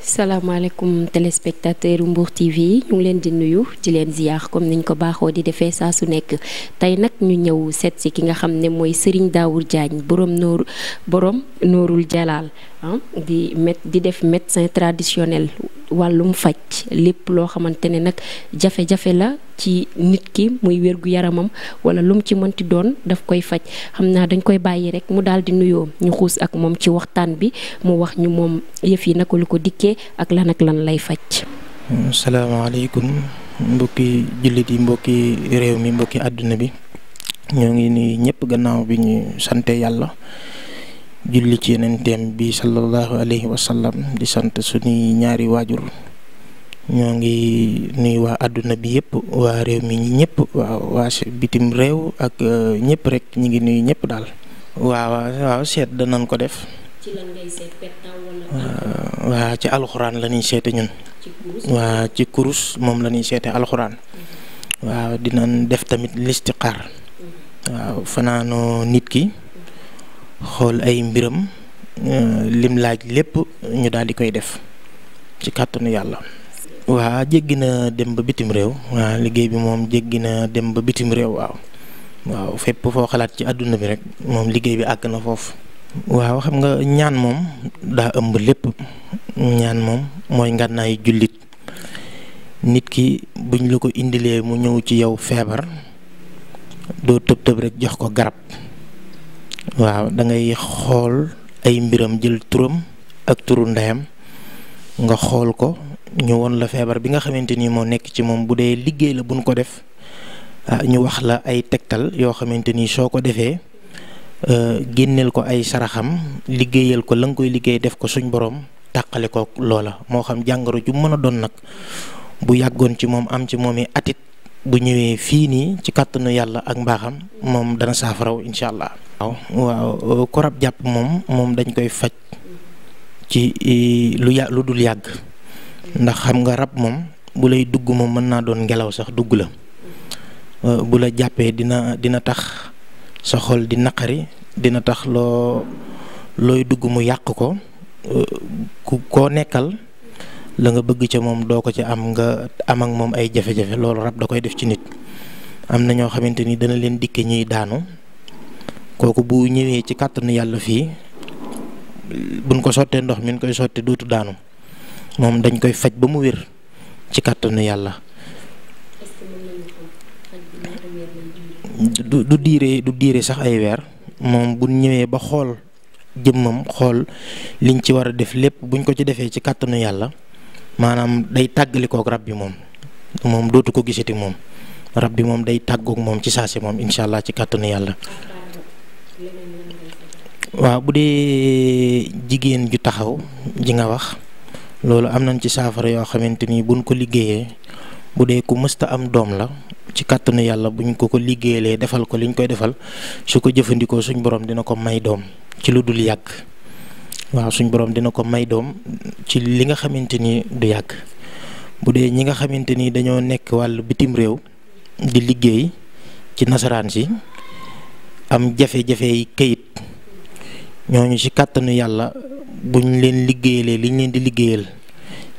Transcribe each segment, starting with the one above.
salaamaaleykum téléspectateur Mbour TV ñu ngi leen di nuyu di leen ziar comme niñ ko baaxoo di defee saa su nekk tey nag ñu ñëw seet si ki nga xam ne mooy Serigne daawul Diagne borom noor borom noorul jalaal Ah, di di def médecin traditionnel wàllum faj lépp loo xamante ne nag jafe-jafe la ci nit ki muy wérgu yaramam wala lum ci mënti doon daf koy faj xam naa dañ koy bàyyi rek mu daal di nuyoo ñu xuus ak moom ci waxtaan bi mu wax ñu moom yëf yi naka lu ko dikkee ak lan ak lan lay faj. Hmm, salaamaaleykum mbokki jullit yi mbokki réew mi mbokki àdduna bi ñoo ngi nii ñëpp gannaaw bi ñu sante yàlla. julli ci yenenteem bi sallallahu alaihi wasallam di sante Suni ñaari wajur ñoo ngi nuyu waa àdduna bi yëpp wa rew mi ñi wa wa bitim rew ak euh, ñëpp rek ñi ngi nuyu dal wa wa set da nan ko def wa ci alquran la ñuy seete ñun wa ci kurus mom la sété alquran mhm. wa dinañ def tamit listiqar mhm. wa fanano nit ki xool ay mbiram euh, lim laaj lépp ñu daal koy def ci kàttanu yàlla. waa jéggi na dem ba bitim réew waa liggéey bi moom jéggi na dem ba bitim réew waaw waaw fépp foo xalaat ci àdduna bi rek moom liggéey bi àgg na foofu. waaw xam nga ñaan moom daa ëmb lépp ñaan moom mooy ngànnaayu jullit nit ki buñ la ko indilee mu ñëw ci yow feebar doo tëb tëb rek jox ko garab. waaw da ngay xool ay mbiram jël turam ak turu ndeyam nga xool ko ñu won la feebar bi nga xamante ni moo nekk ci moom bu dee liggéey la buñ ko def ah, ñu wax la ay tegtal yoo xamante ni soo ko defee euh, génneel ko ay saraxam liggéeyal ko la nga koy liggéey def ko suñ borom tàqale ko loola moo xam jàngoro ju mën a doon nag bu yàggoon ci moom am ci moom i atit bu ñëwé fi ni ci katunu yalla ak mbaxam mom dana saafaraw incha allah. waaw waaw euh, ku rab jàpp mom dañ koy fajj ci lu ya lu dul yag ndax xam nga rap mom bu lay dugg mom mën na doon ngelaw sax dugg la euh, bu la jappé dina dina tax sa xol di naqari dina tax lo loy dugg mu yak ko euh, ku nekkal. la nga bëgg ca moom doo ko ca am nga am ak moom ay jafe-jafe loolu rab da koy def ci nit am na ñoo xamante ni dana leen dikk ñuy daanu kooku bu ñëwee ci kàttanu yàlla fii buñ ko sottee ndox min koy sotti duutu daanu moom dañ koy faj ba mu wér ci kàttanu yàlla du du diire sax ay weer moom bu ñëwee ba xool jëmmam xool liñ ci war a def lépp buñ ko ci defee ci kàttanu yàlla manam day tàggalikook rab rabbi mom mom dootu ko gisati mom rabbi mom moom day tàggook mom ci sase mom inshallah allah ci kàttanu yalla wa bu jigen ju taxaw ji nga wax lolu am nañ ci safara yo xamanteni buñ ko liggéeyee budé ku musta am dom la ci kàttanu yalla buñ ko ko liggéeyalee defal ko liñ koy defal suko jëfëndiko suñ borom dina ko may dom ci luddul yak waaw suñ borom dina ko may doom ci li nga xamante ni du yàgg bu dee ñi nga xamante ni dañoo nekk wàllu bitim réew di liggéey ci nasaraan si am jafe-jafe yi kayit ñooñu ci kàttanu yàlla buñ leen liggéeyalee liñ leen di liggéeyal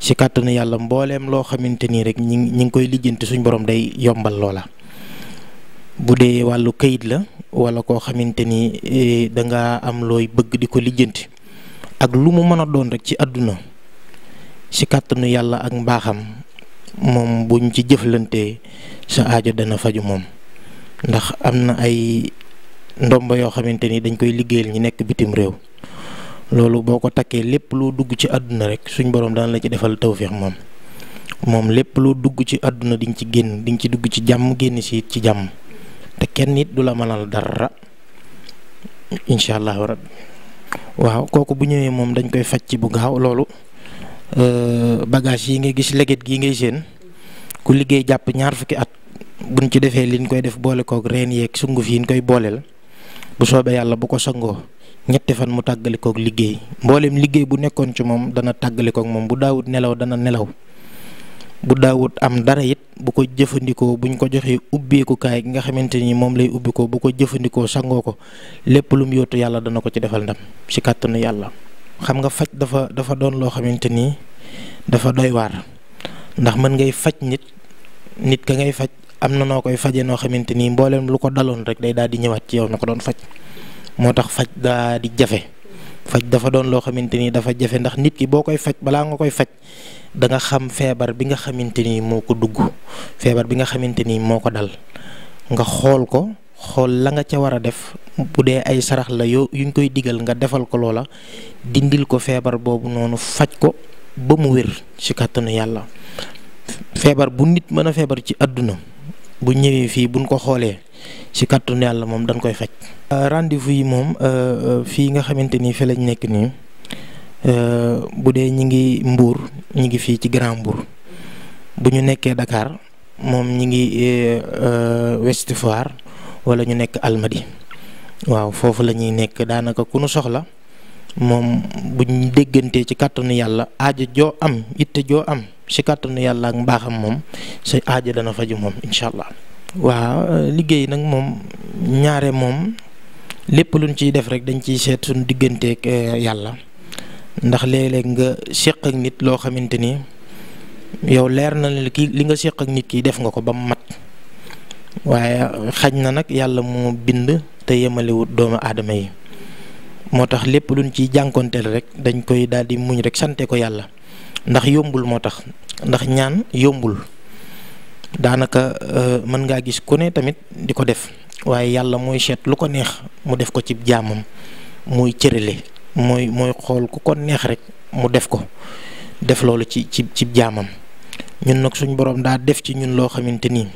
ci kàttanu yàlla mbooleem loo xamante nii rek ñi ñi ngi koy lijjanti suñ borom day yombal loola bu dee wàllu kayit la walla koo xamante ni eh, danga am looy bëgg di ko lijjanti ak lu mu mën doon rek ci aduna si kàttanu yalla ak mbaxam mom buñ ci jëflante sa aaja dana faju mom ndax amna ay ndomba yo xamanteni dañ koy liggéeyal ñi nekk bitim rew lolu boko ko lepp lépp dugg ci aduna rek suñ borom dañ la ci defal tawfiq mom mom lepp loo dugg ci aduna diñ ci genn diñ ci dugg ci jamm genn si ci jamm te kenn nit dula manal dara inshallah rabbi waaw kooku bu ñëwee moom dañ koy faj ci bu gaaw loolu euh, bagage yi ngay gis leget gi ngay seen ku liggéey jàpp ñaar fukki at bu buñ ci defee li liñ koy def boole kook reen yeeg sunguf yi nu koy booleel bu soobee yàlla bu ko sangoo ñetti fan mu tàggalikook liggéey mbooleem liggéey bu nekkoon ci moom dana tàggalikook moom bu daawut nelaw dana nelaw bu daawut am dara it bu ko jëfandikoo buñ ko joxee ubbeekukaay ki nga xamante ni moom lay ubbi ko bu ko jëfandikoo sangoo ko lépp lum yootu yàlla dana ko ci defal ndam ci kàttanu yàlla. xam nga faj dafa dafa doon loo xamante ni dafa doy waar ndax mën ngay faj nit nit ka ngay faj am na noo koy fajee noo xamante ni mboolem lu ko daloon rek day daal di ñëwaat ci yow na ko doon faj moo tax faj daa di jafe. faj dafa don lo xamanteni dafa jafé ndax nit ki boo koy faj balaa nga koy faj da nga xam febar bi nga xamanteni moko ko dugg febar bi nga xamanteni moko ko dal nga xol ko xol la nga ci wara def budé ay sarax la yu yuñ koy digal nga defal ko lola dindil ko febar, bobu nonu faj ko ba mu wër ci katanu yalla febar bu nit mën febar ci aduna bu ñëwé fi buñ ko xolé ci allah yalla mom dañ koy faj. Euh, rendez-vous yi euh, euh fi nga xamanteni fi lañ nek ni euh, bu budé ñi ngi Mbour ñi ngi fi ci Grand Mbour bu ñu Dakar mom ñi ngi west Foire wala ñu nekk Almadi waaw fofu lañuy ñuy nekk daanaka ku nu soxla mom bu ñu déggantee ci kàttanu yalla aaji jo am itte jo am ci allah yalla ak mom, mom sey aaji dana faju mom, inshallah allah. waaw euh, liggéey nag moom ñaare moom lépp luñ ciy def rek dañ ciy seet suñu digganteeg euh, yàlla ndax léeg nga séq ak nit loo xamante ni yow leer na ne ki li nga séq ak nit ki def nga ko ba mu mat waaye euh, xaj na nag yàlla moo bind te yemalewut doomu aadama yi moo tax lépp luñ ciy jànkonteel rek dañ koy daal di muñ rek sante ko yàlla ndax yombul moo tax ndax ñaan yombul. daanaka euh, mën ngaa gis ku ne tamit di ko def waaye yàlla mooy seet lu ko neex mu def ko cib jaamam muy cërale mooy mooy xool ku ko neex rek mu def ko def loolu ci ci ci jaamam ñun nag suñ borom daa def ci ñun loo xamante ni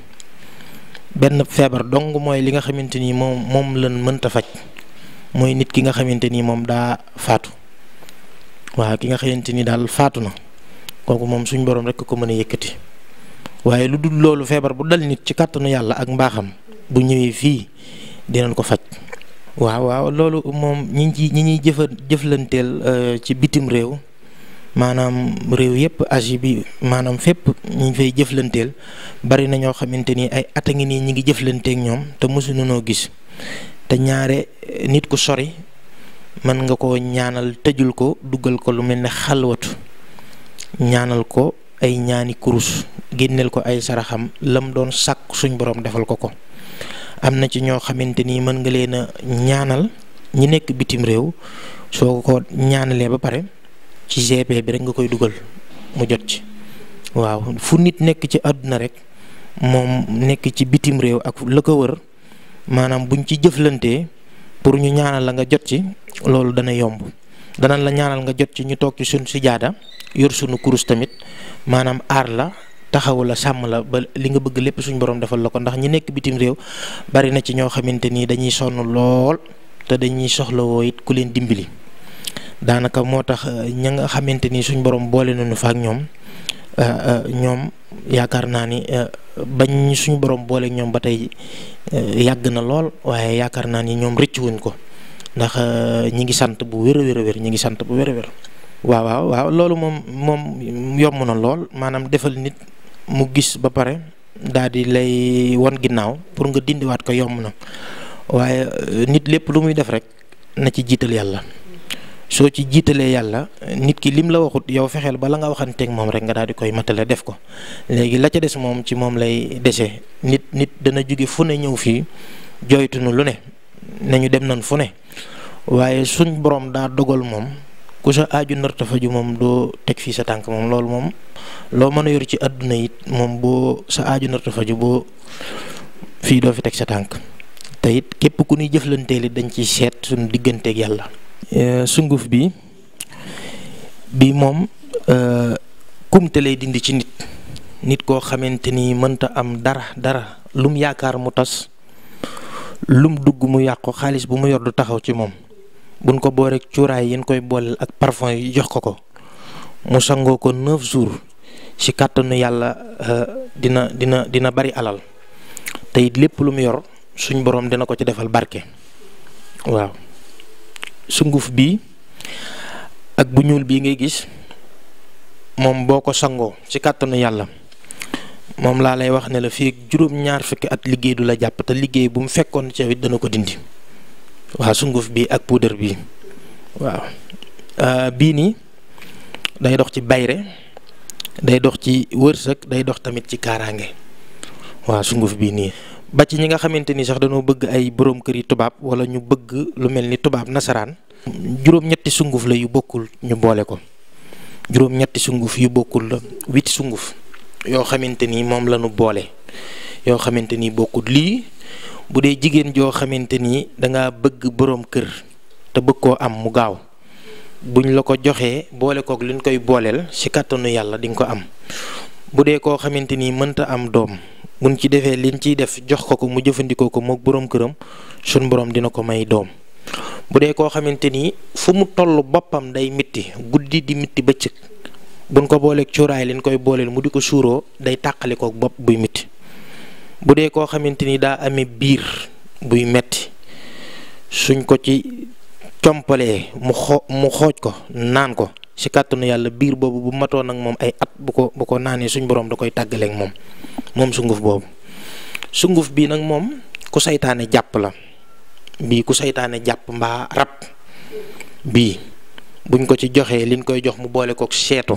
benn feebar dong mooy li nga xamante ni moom moom lañ mënta faj mooy nit ki nga xamante ni moom daa faatu waaw ki nga xamante ni daal faatu na kooku moom suñ borom rek ko mën a yëkkati. waaye lu dul loolu feebar bu dal nit ci kàttanu yàlla ak mbaaxam bu ñëwee fii dinañ ko faj. waaw waaw loolu moom ñi ñi ñi ñuy jëfa jëflanteel euh, ci bitim réew maanaam réew yëpp agi bi maanaam fépp ñu fay jëflanteel bari na ñoo xamante ni ay at a ngi nii ñi ñoom te mosuñu noo gis te ñaare euh, nit ku sori mën nga ko ñaanal tëjul ko duggal ko lu mel ni xalwatu ñaanal ko ay ñaani kurus génneel ko ay saraxam lam doon sàkk suñ borom defal ko ko am na ci ñoo xamante ni mën nga leen a ñaanal ñi nekk bitim réew soo ko ñaanalee ba pare ci GP bi rek nga koy dugal mu jot ci waaw fu nit nekk ci àdduna rek moom nekk ci bitim réew ak la ko wër maanaam buñ ci jëflantee pour ñu ñaanal la nga jot ci loolu dana yomb danan la ñaanal nga jot ci ñu tok ci sun sijada yor sunu kurus tamit manam arla la taxawu la sam la ba li nga bëgg lepp suñu borom defal lako ndax ñi nekk bitim rew bari na ci ño xamanteni dañuy sonu lool te dañuy wo it ku leen dimbali danaka motax tax euh, ña nga xamanteni suñu borom boole nañu fa ak ñom euh, euh, ñom yaakar naa ni bañ suñu borom boole ñoom ba na lool waye yaakar ni wuñ ko ndax eh, ñi ngi sant bu wér wér wér ñi ngi sant bu wér wér waaw waaw waaw loolu moom moom yomb na lool maanaam defal nit mu gis ba pare daal di lay won ginnaaw pour nga dindiwaat ko yomb na waaye eh, nit lépp lu muy def rek na ci jiital yàlla soo ci jiitalee yàlla nit ki lim la waxut yow fexeel ba la nga waxanteeg moom rek nga daal di koy matale def ko léegi la ca des moom ci moom lay desee nit nit dana jóge fu ne ñëw fii joytunu lu ne nañu dem nan fu waaye suñ borom daa dogal moom ku sa aaju narta faju moom doo teg fii sa tànk moom loolu moom loo mën a yor ci àdduna it moom boo sa aaju narta faju boo fii doo fi teg sa tànk te it képp ku ñuy jëflantee it dañ ciy seet suñu digganteeg yàlla. Eh, sunguf bi bi moom eh, kumte lay dindi ci nit nit koo xamante ni mënta am dara dara lum yaakaar mu tas lum dugg mu yàqu xaalis bu mu yor du taxaw ci moom. buñ ko ak cuuraay yin koy booleel ak parfum yi jox ko ko mu sango ko 9 jours ci katanu yalla euh, dina dina dina bari alal te it lépp lu mu yor suñ borom dina ko ci defal barké waaw sunguf bi ak bu ñuul bi ngay gis mom boko sango ci katanu yalla mom la lay wax ne la fi juroom ñaar fukki at liggey du la japp te liggey bu mu fekkon ci dana ko dindi wa sunguf bi ak poudre bi waaw ah, bii nii day dox ci bayre day dox ci wërsëg day dox tamit ci kaaraange waaw sunguf bii nii ba ci ñi nga xamante ni sax dañoo bëgg ay borom kër yi tubaab wala ñu bëgg lu mel ni tubaab nasaraan juróom-ñetti sunguf la yu bokkul ñu boole ko juróom-ñetti sunguf yu bokkul la huit sunguf yoo xamante ni moom la ñu boole yoo xamante bu dee jigéen joo xamante ni danga bëgg boroom kër te bëgg koo am mu gaaw buñ la ko joxee boole kook liñ koy booleel ci kàttanu yàlla di nga ko am bu dee koo xamante ni mënta am doom buñ ci defee liñ ciy def jox ko ko mu jëfandikoo ko mook boroom këram suñ boroom dina ko may doom bu dee koo xamante ni fu mu toll boppam day mitti guddi di mitti bëccëg buñ ko booleeg cuuraay liñ koy booleel mu di ko suuroo day kook bopp buy mitti bu dee koo xamante ni daa ame biir buy metti suñ ko ci compalee mu xo mu xooj ko naan ko ci kàttanu yàlla biir boobu bu matoon ak moom ay at bu ko bu ko naanee suñ boroom da koy tàggaleeg moom moom sunguf boobu sunguf bii nag moom ku saytaane jàpp la bii ku seytaane jàpp mbaa rab bii buñ ko ci joxee liñ koy jox mu boole kook seetu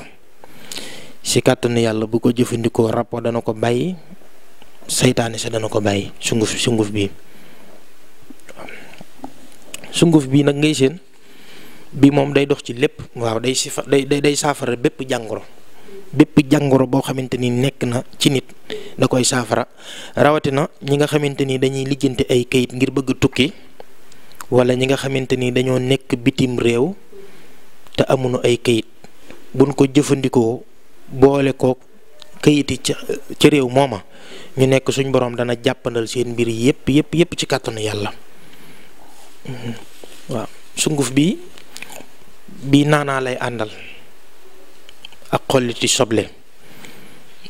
ci kàttanu yàlla bu ko jëfandikoo rab dana ko bàyyi seytaane sa dana ko bàyyi sunguf sunguf bii sunguf bii nag ngay seen bi moom day dox ci lépp waaw day sifa day day saafara bépp jàngoro bépp jàngoro boo xamante ni nekk na ci nit da koy saafara rawatina ñi nga xamante ni dañuy liggante ay kayit ngir bëgg tukki wala ñi nga xamante ni dañoo nekk bitim réew te amuñu ay këyit buñ ko jëfandikoo boole kook kayiti di rew moma ñu nek suñ borom dana jàppandal seen mbir yépp yépp yépp ci katanu yalla mhm. wa sunguf bi bi nana lay andal. ak xoliti soble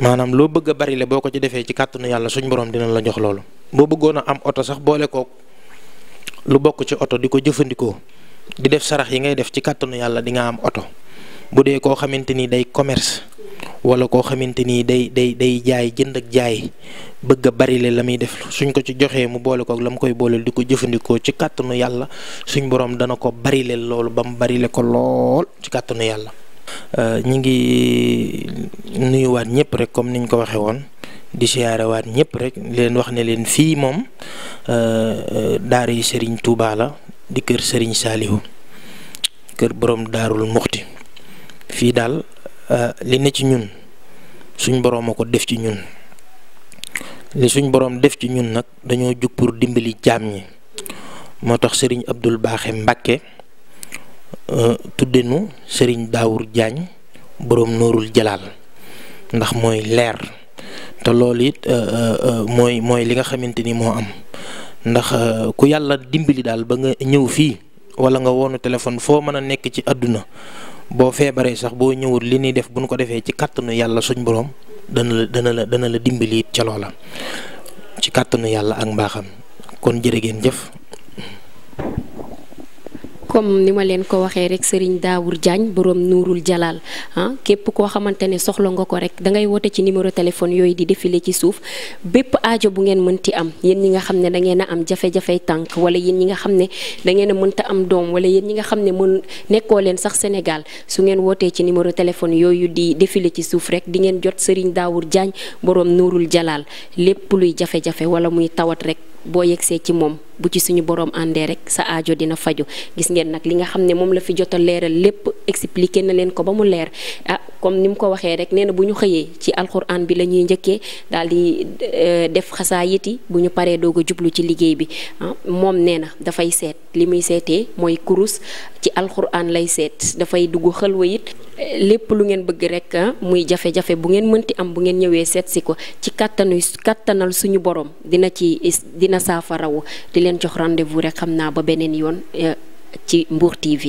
manam lo bëgg bari le boko ci défé ci katanu yalla suñ borom dina la jox lolu bo bëggoon am auto sax boole Lubo lu bok ci auto di jëfëndiko di def sarax yi ngay def ci katanu yalla di nga am auto budé ko koo day commerce wala koo xamante nii day day day jaay jënd ak jaay bëgg a bari la muy def suñ ko ci joxee mu boole kook la mu koy booleel di ko jëfandikoo ci kàttanu yàlla suñ boroom dana ko bari leen loolu ba mu bari leen ko lool ci kàttanu yàlla. Euh, ñi ngi nuyuwaat ñëpp rek comme niñ ko waxee woon di siyaarewaat ñëpp rek leen wax ne leen fii moom euh, euh, daara yi Serigne Touba la di kër sëriñ Saliou kër borom daarul muxti fii daal Euh, li ne ci ñun suñ boroom a ko def ci ñun li suñ boroom def ci ñun nag dañoo jug pour dimbali jaam ñi moo tax sëriñ Abdul Baaxe Mbàkke euh, tudde nu sëriñ Daawur Jaañ boroom nóorul jalaal ndax mooy leer te loolu it euh, mooy mooy li nga xamante ni moo am ndax ku yàlla dimbali daal ba nga ñëw fii walla nga woonu téléphone foo mën a nekk ci àdduna boo feebaree sax boo ñëwul li ñuy def bu ñu ko defee ci kàttanu yàlla suñ borom dana la dana la dana la dimbali it ca loola ci kàttanu yàlla ak mbaaxam kon jërë ngeen jëf. comme ni ma leen ko waxee rek Serigne daawur Diagne boroom Nuurul Jalaal ah képp koo xamante ne soxla nga ko rek da ngay woote ci numéro téléphone yooyu di défilé ci suuf bépp aajo bu ngeen mënti am yéen ñi nga xam ne da ngeen a am jafe-jafey tànk ñi nga xam ne da ngeen a mënta am doom wala yéen ñi nga xam ne mën nekkoo leen sax Sénégal su ngeen wootee ci numéro téléphone yooyu di défilé ci suuf rek di ngeen jot Serigne Daour Diagne Jalaal lépp luy jafe-jafe wala muy tawat rek boo yegsee ci moom bu ci suñu borom àndee rek sa aajo dina faju gis ngeen nag li nga xam ne moom la fi jot a leeral lépp expliqué na leen ko ba mu leer ah comme ni ko waxee rek ci alquran bi la ñuy njëkkee eh, def xasaayit yi bu ñu dogo jublu ci liggéey bi mom ah, moom nee na dafay seet li muy kurus ci alquran lay seet dafay dugg xalwa it lépp lu ngeen bëgg rek ah, muy jafe-jafe bu ngeen mënti am bu ngeen si ko ci kàttanu katanal suñu borom dina ci dina saafarawu leen jox rendez-vous rek xam naa ba beneen yoon euh, ci Mbour TV.